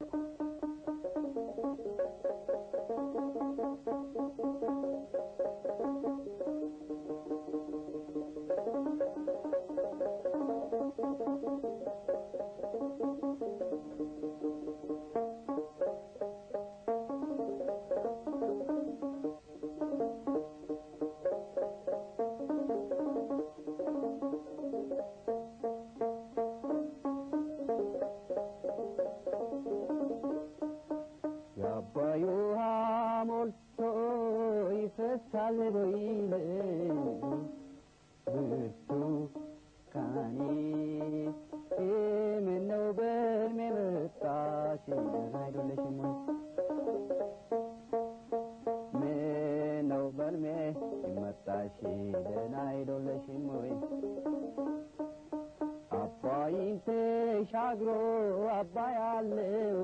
you እድሜ መጣሽ ደህና አይደለሽም ወይ? አባይን ተሻግሮ አባይ አለው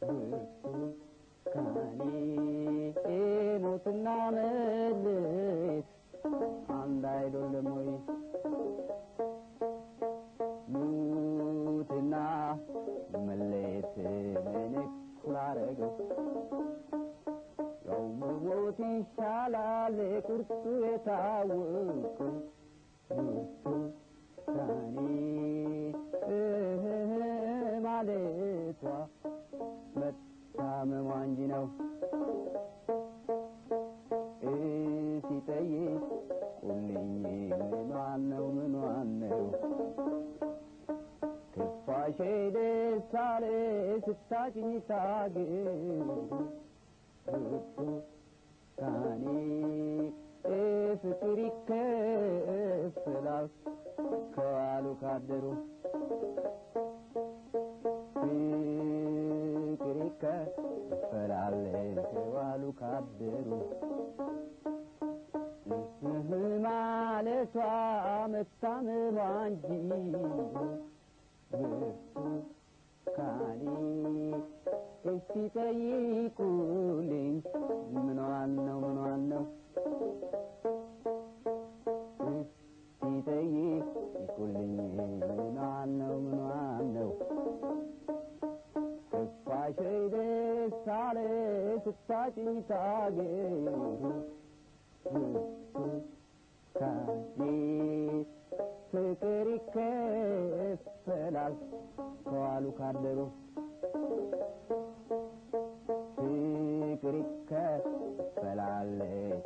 ብርቱካኔ ሞትና መሌት አንድ አይደለም ወይ? ሙትና መሌት ምን እኩል አረገው ቁርስ ይሻላል ቁርሱ የታወቀ ሳኔ ማለቷ መታመሟ እንጂ ነው ሲጠይቅ ቁልኝ ማን ነው ምኗን ነው ትፋሼ ደሳሌ ስታጭኝ ታግል ካኔ ፍቅር ይከፈላል ከዋሉ ካደሩ ፍቅር ይከፈላል ከዋሉ ካደሩ ማለቷ መታመሟ እንጂ ብርቱ እስቲ ጠይቁልኝ ምኗን ነው ምኗን ነው እስቲ ጠይቁልኝ ምኗን ነው ምኗን ነው ስፋሽ ደሳለ ስታጭኝ ታገኝ ፍቅር ይከፍ ይከፈላል ከዋሉ ካደሩ ፍቅር ይከፈላል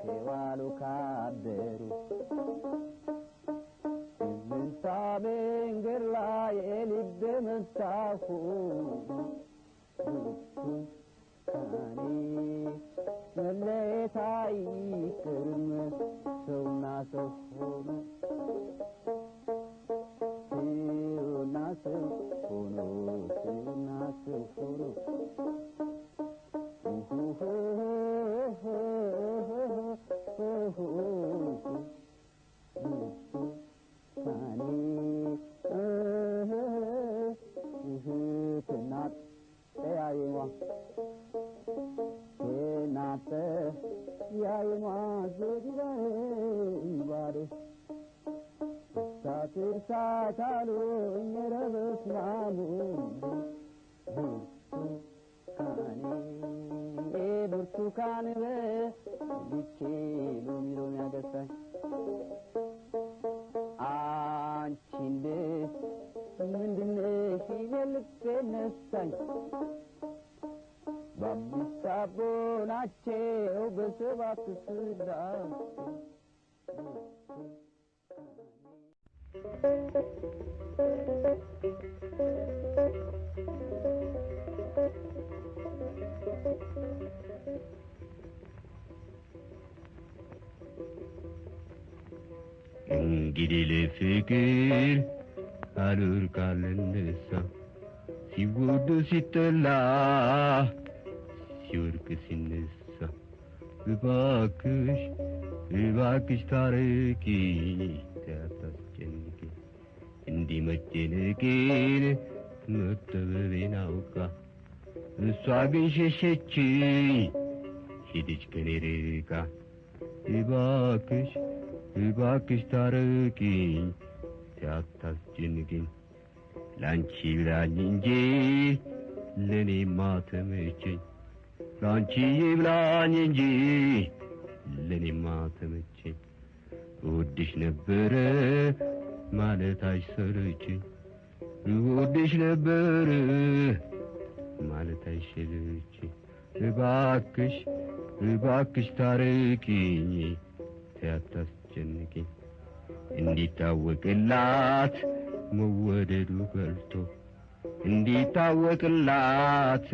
ከዋሉ ካደሩ ዝንታ መንገድ ላይ የልብ መሳሁ መለየት ሰውና ሰው ሆኖ নাচ শোনো সেই নাচ শোনো Salut ኪዳኑ ብርቱካን በልቼ ሎሚ ሎሚ ያደርሳል አንቺ እንዴት ምንድነሽ ይዘልቅ ነሳኝ በአምስት በሰባት ስዳ Thank you. انجليل فكر هارور قال النساء سيود ستلا سيورك سنسا Bir bakış, bir bakış tariki Teatas cenniki Indi meccenekir Mürtebe binavka Nusabin şeşetçi Hidiç kanerika Bir bakış, እባክሽ ታረቂኝ ሲያታስጨንቅኝ ላንቺ ብላኝ እንጂ ለእኔማ ተመቸኝ ላንቺ ብላኝ እንጂ ለእኔማ ተመቸኝ እወድሽ ነበረ ማለት አይሰለችኝ እወድሽ ነበረ ማለት አይሰለችኝ እባክሽ እባክሽ ታረቂኝ ሲያታስ አታስጨንቂ እንዲታወቅላት መወደዱ ገልቶ እንዲታወቅላት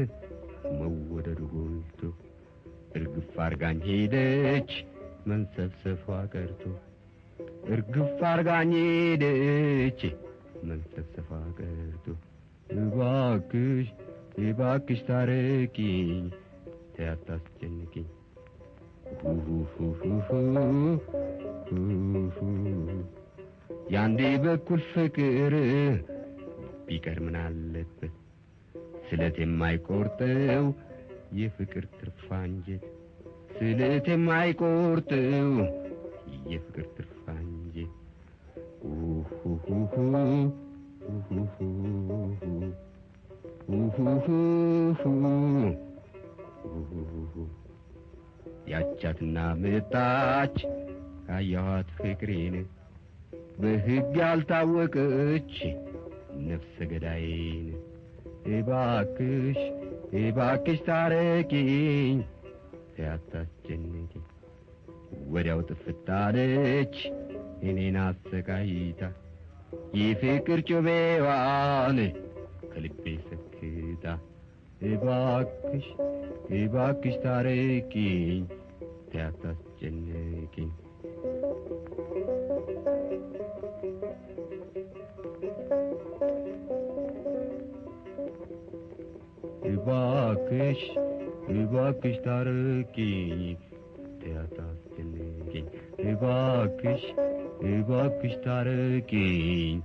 መወደዱ ጎልቶ እርግፍ አርጋኝ ሄደች መንሰፍሰፏ ቀርቶ እርግፍ አርጋኝ ሄደች መንሰፍሰፏ ቀርቶ እባክሽ እባክሽ ታረቂኝ ተያታስጨንቂኝ የአንድ በኩል ፍቅር ቢቀር ምን አለበት ስለት የማይቆርጠው የፍቅር ትርፋንጀት ስለት የማይቆርጠው የፍቅር ትርፋንጀት ያቻትና መጣች አያኋት ፍቅሬን በሕግ ያልታወቀች ነፍሰ ገዳይን እባክሽ እባክሽ ታረቂኝ ያታስጨንቂኝ። ወዲያው ጥፍታለች እኔን አሰቃይታ የፍቅር ጩቤዋን ከልቤ ሰክታ እባክሽ እባክሽ ታረቂኝ ያታስጨንቂኝ bakış bir bakışları ki Teatasındaki bir bakış bir bakışları ki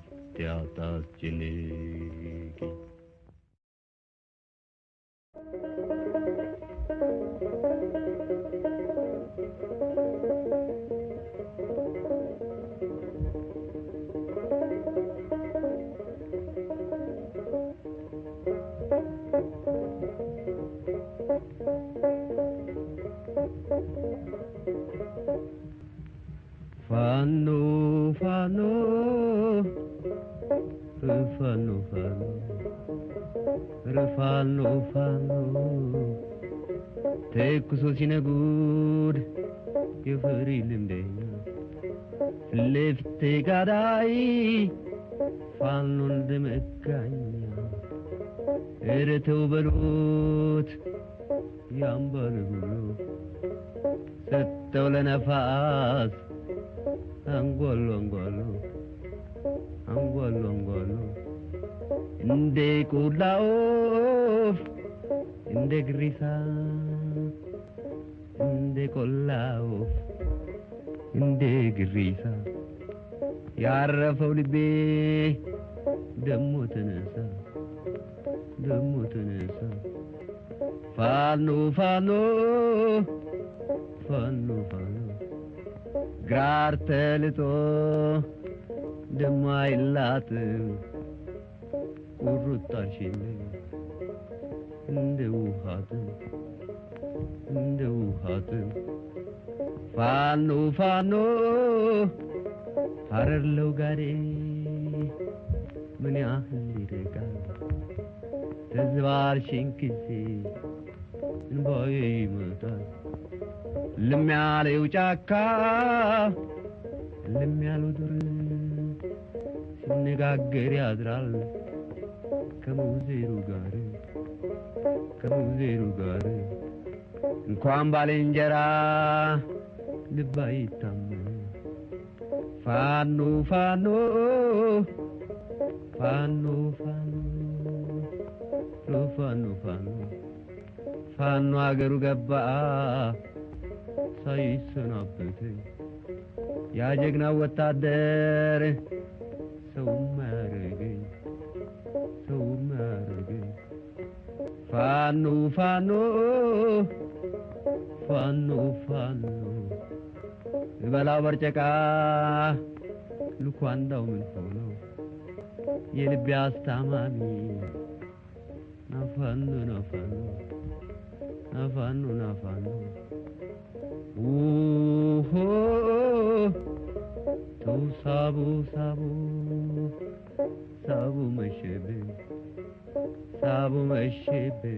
ያንበርጉ ሰጠው ለነፋስ አንጎሎ አንጎሎ አንጎሎ አንጎሎ እንደ ቁላ ወፍ እንደ ግሪሳ እንደ ቆላ ወፍ እንደ ግሪሳ ያረፈው ልቤ ደሞ ተነሳ ደሞ ተነሳ Fannu fannu fannu fannu ግራርተልጦ ደማይላትም ቁርጣሽኝ እንደ ውሃትም እንደ ውሃትም ፋኖ ፋኖ ሀረርለው ጋሬ ምን ያህል ይርቃል ተዝባርሽኝ ጊዜ እንባዬ ይመጣል ልም ያለው ጫካ ልም ያለው ዱር ሲነጋገር ያድራል ከመውዜሩ ጋር ከመውዜሩ ጋር እንኳን ባልንጀራ ልብ አይታመን ፋኖ ፋኖ ፋኖ ፋኖ ፋኖ ፋኖ ፋኖ አገሩ ገባ ሳይሰናበት ያ ወታደር ሰውም አያረገኝ ሰው አያረገኝ ፋኖ ፋኖ ፋኖ ፋኖ እበላው በርጨቃ ልኳንዳው ምን ሆነው የልቤ አስታማሚ ናፋኖ ናፋኖ nafanu nafanu uho tu sabu sabu sabu meşebe sabu meşebe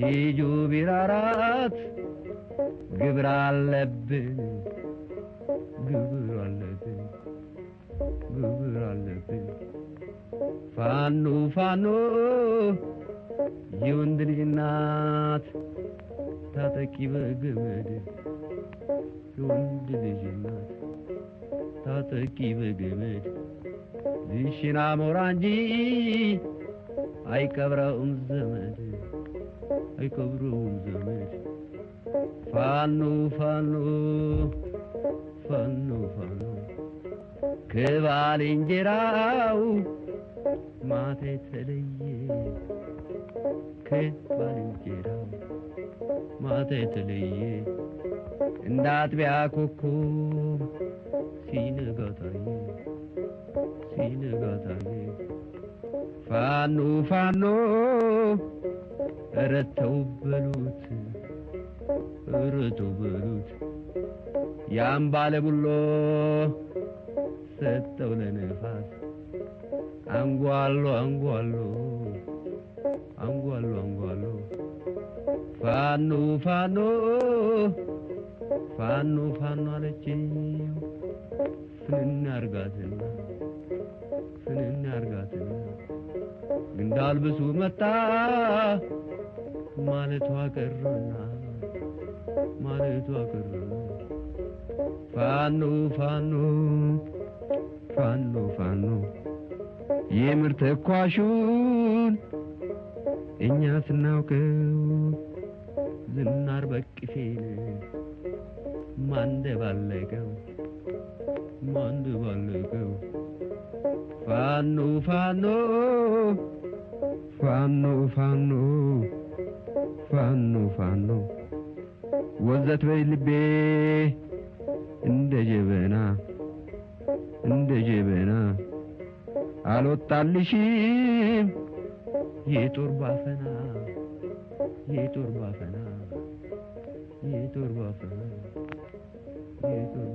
yicu bir arat gübr alebbi gübr alebbi fanu fanu የወንድ ልጅ እናት ታጠቂ በገመድ የወንድ ልጅ እናት ታጠቂ በገመድ ልሽና ሞራ እንጂ አይቀብረውም ዘመድ አይቀብረውም ዘመድ ፋኖ ፋኖ ፋኖ ፋኖ ከባልንጀራው ማታ የተለየ ባልንጀራ ማታ የተለየ እንደ አጥቢያ ኮከብ ሲነጋ ታየ ሲነጋ ፋኖ ፋኖ እረተው በሉት እረተው በሉት ያም ባለቡሎ ሰጠው ለነፋስ አንጓሎ አንጓሎ አንጓሉ አንጓሉ ፋኖ ፋኖ ፋኖ ፋኖ አለችኝ ፍንን አርጋትና ፍንን አርጋትና ግንድ አልብሱ መጣ ማለቷ ቀረና ማለቷ ቀረና ፋኖ ፋኖ ፋኖ ፋኖ የምር ተኳሹ እኛ ስናውቀው ዝናር ማንደ ባለቀው ማንደ ባለቀው ፋኖ ፋኖ ፋኖ ፋኖ ፋኖ ፋኖ ወዘት በይ ልቤ እንደ ጀበና እንደ ጀበና አልወጣልሽም ये turba fena ye turba fena ye turba fena ye turba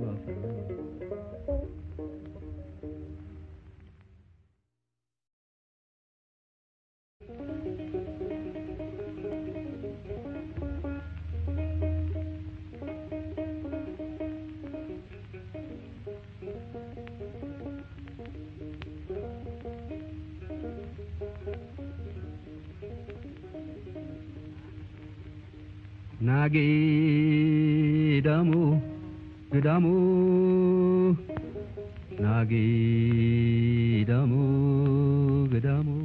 nagi damu damu nagi damu damu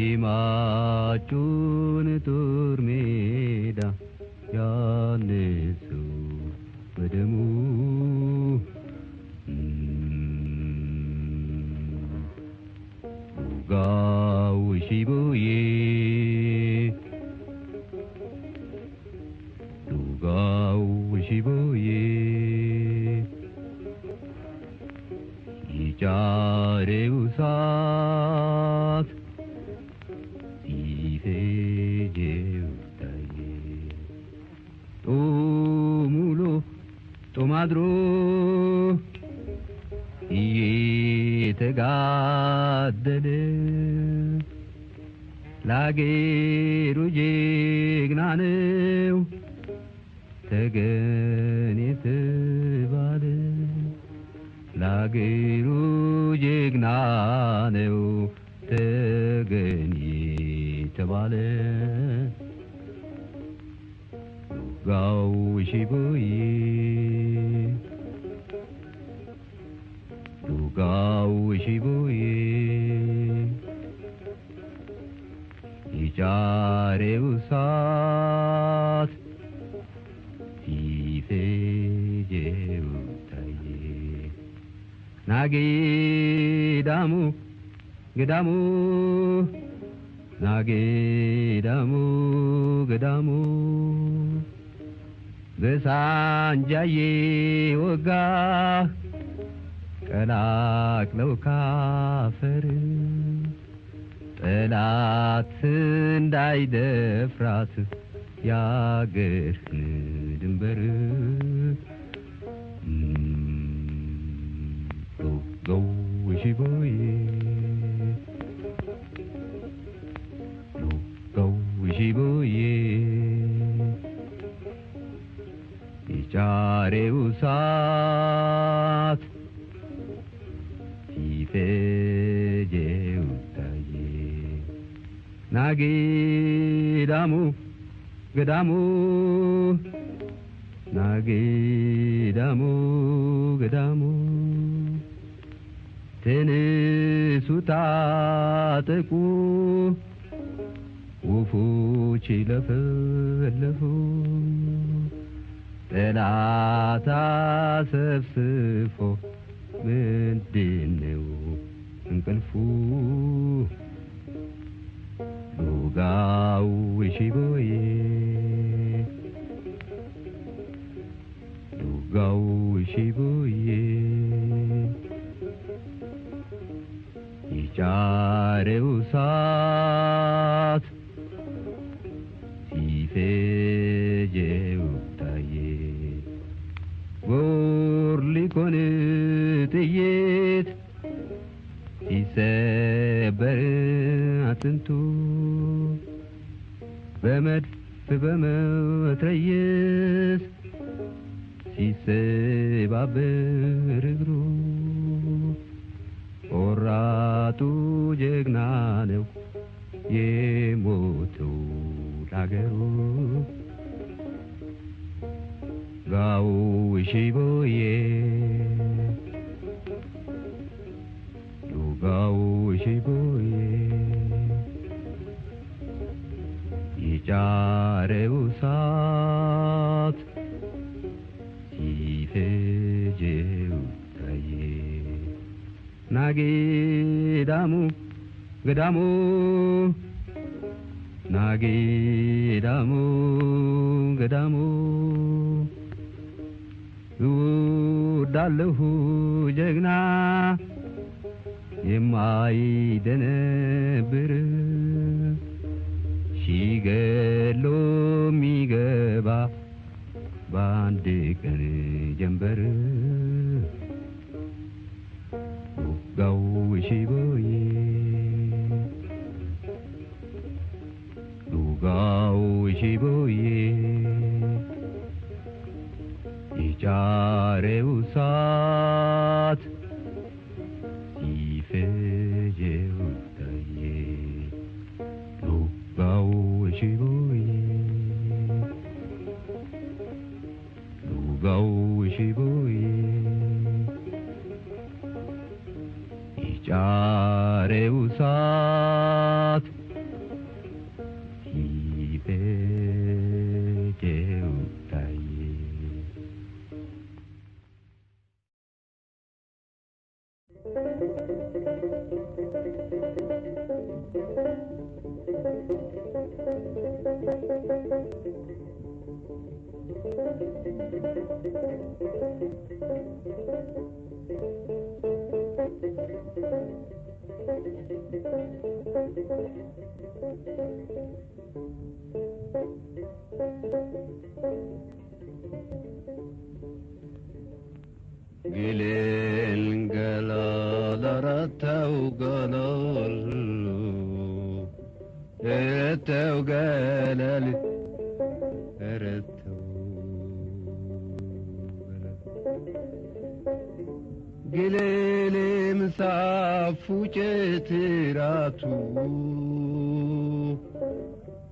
ima chun tur meda yanesu damu ga ushibu ye ጨጨሬው ሳት ሲፈጀው ታየ ጦም ውሎ ጦም አድሮ እየተጋደለ ለአገሩ ጀግና ነው ተገኔት 나기루 징나네우 대근이 자발에 누가우시부이 누가우시부이 이자레우사 ናጊ ዳሙ ግዳሙ ናጊ ግዳሙ በሳንጃዬ ወጋ ቀላቅለው ካፈር ጠላት እንዳይደፍራት ያገርን ድንበር 너의 시보예 너의 시보예 이자레 우삿 디베제 우타예 나기다무 그다무 나기다무 그다무 ተነሱ ታጠቁ ወፎች ለፈለፉ ጠላታ ሰብስፎ ምንድነው እንቅልፉ ሉጋው ሽቦዬ ሉጋው ሽቦዬ ዛሬው ሰዓት ሲፈጀው ታየ ጎር ሊኮን ጥይት ሲሰበር አጥንቱ በመድፍ በመትረየስ ሲሰባበር የማይደ ነብር ሺገሎ ሚገባ በአንድ ቀን ጀንበር ውጋው ሽቦዬ ዱጋው ሽቦዬ ይጫሬው ሳ चारे Usha gelele msafu cetiratu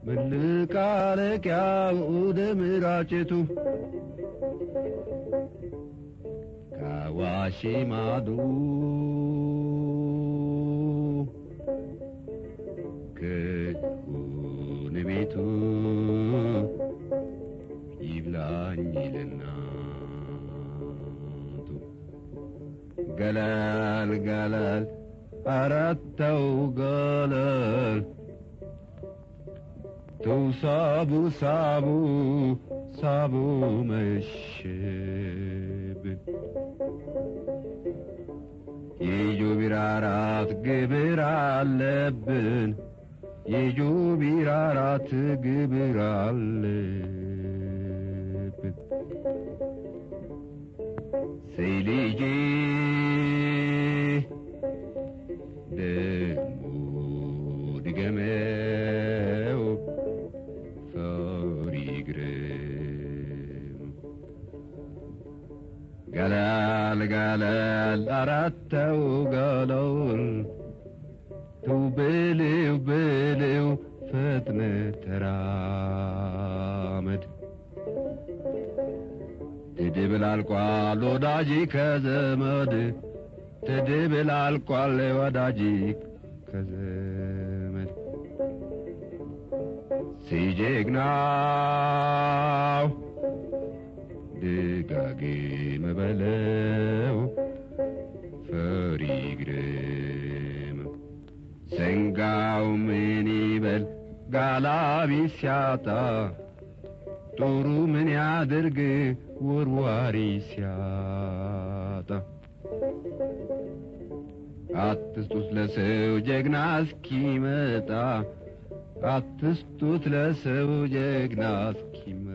ምልቃለቂያው ደምራጭቱ ከዋሺ ማዶ ከሆነ ቤቱ جلال جلال أردت وجلال توصابوا صابوا صابوا من الشبن يجوا برارات قبر على اللبن يجوا برارات قبر على اللبن Deliği de murgeme o farigrem galal galal aratta o galor tu beli u beli ትድብል አልቋል ወዳጅ ከዘመድ ትድብል አልቋል ወዳጅ ከዘመድ ሲጀግናው ድጋጌ መበለው ፈሪ ግርም ዘንጋው ምን ይበል ጋላቢ ሲያጣ ጦሩ ምን ያድርግ ውርዋሪ ሲያጣ። አትስጡት ለሰው ጀግና እስኪመጣ፣ አትስጡት ለሰው ጀግና እስኪመጣ።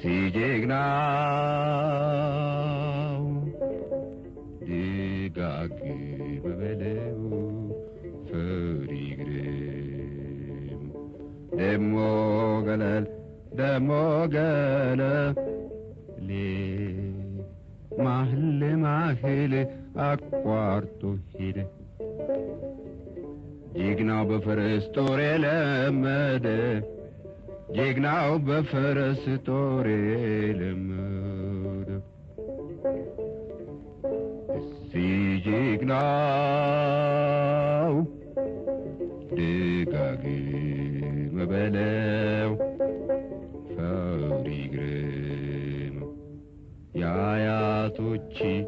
ሲጀግና ደሞ ገለል ደሞ ገለል ሌ ማህል ማህል አቋርጦ ሄደ ጀግናው በፈረስ ጦር የለመደ ጀግናው በፈረስ ጦር የለመደ እሲ ጀግና mereu, fără greu. Iaia tuci,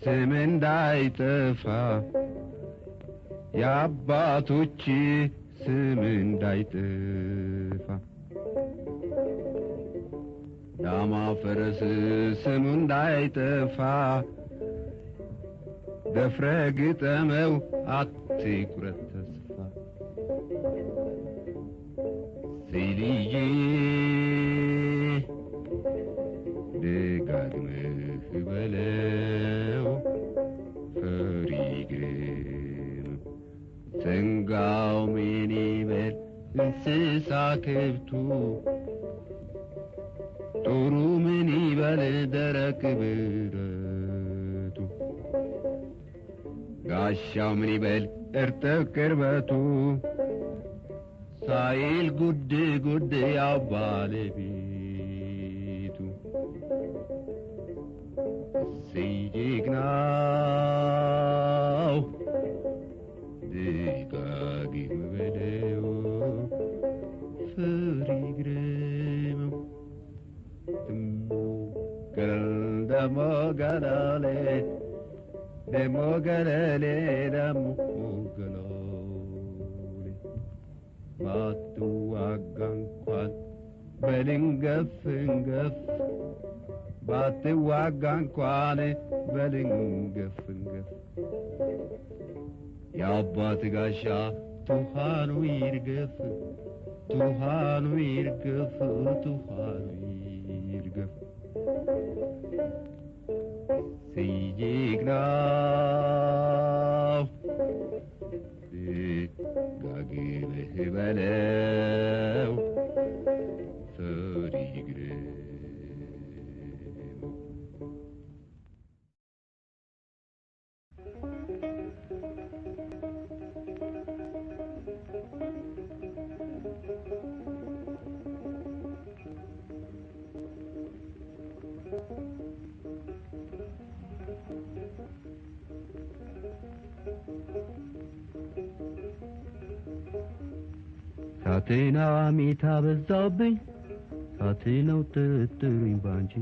semen dai tăfa, ia batuci, semen dai tăfa. Dama fără să semen dai tăfa, de frăgâtă meu, ati curătă بيلي دقاق مهبلو فريقين تنقاو مني بل انسسا كبتو طرو مني بل درك براتو قاشا مني بل ارتكر باتو ሳይል ጉድ ጉድ ያው ባለቤቱ ስይግናው ድጋጊ በለው ፍሪ ግርመው ደሞ ገለሌ ደሞ ገለሌ ደሞ bate wagan kwane belingef ngef ya bate gasha tuhanu irgef tuhanu irgef tuhanu irgef seyigna ee, gagile hebelev ሐሜት አበዛውብኝ ሳት ነው ጥርጥሩኝ ባንቺ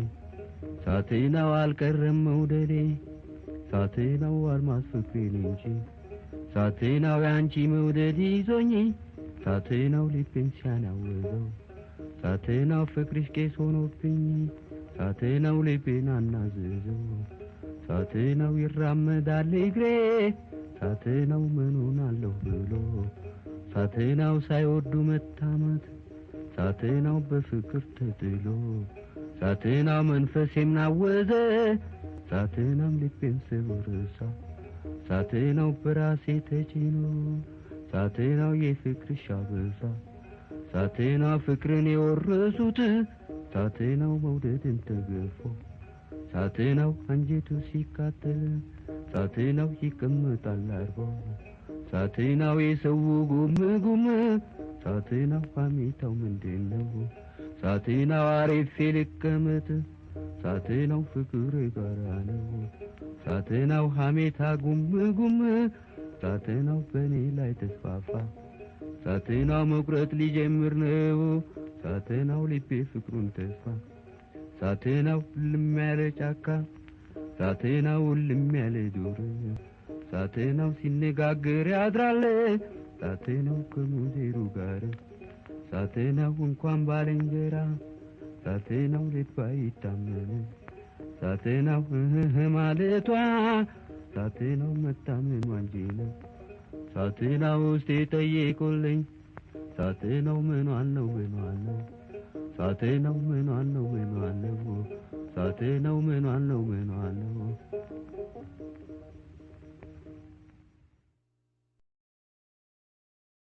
ሳት ነው አልቀረም መውደዴ ሳት ነው አልማዝ ፍቅሬን እንጂ ሳት ነው ያንቺ መውደድ ይዞኝ ሳት ነው ልቤን ሲያናወዘው ሳት ነው ፍቅርሽ ቄስ ሆኖብኝ ሳት ነው ልቤን አናዘዘው ሳት ነው ይራመዳል እግሬ ሳት ነው ምኑን አለሁ ብሎ ሳትናው ሳይወዱ መታማት ሳትናው በፍቅር ተጥሎ ሳትናው መንፈሴም ናወዘ ሳትናም ልቤም ስብርሳ ሳትናው በራሴ ተጭኖ ሳትናው የፍቅር ሻበሳ! ሳትና ፍቅርን የወረሱት ሳትናው መውደድን ተገፎ ሳትናው አንጀቱ ሲካተል ሳትናው ይቀመጣል ሳትናው የሰው ጉም ጉም ሳትናው ፋሚታው ምንድን ነው ሳትናው አሪፍ ልቀመጥ ሳትናው ፍቅር ጋራ ነው ሳትናው ሐሜታ ጉም ጉም ሳትናው በኔ ላይ ተስፋፋ ሳትናው መቁረጥ ሊጀምር ነው ሳትናው ልቤ ፍቅሩን ተስፋ ሳትናው ልም ያለ ጫካ ሳትናው ልም ያለ ዱር ጣቴ ነው ሲነጋገር ያድራል ጣቴ ነው ከሙዜሩ ጋር ጣቴ ነው እንኳን ባለንጀራ ጣቴ ነው ሌት ባይታመን ጣቴ ነው ማለቷ ጣቴ ነው መታመሟ እንጂ ነው ነው ውስጤ ጠይቁልኝ ጣቴ ነው ምኗን ነው ምኗን ነው ጣቴ ነው ምኗን ነው ምኗን ነው ነው ምኗን ነው ምኗን ነው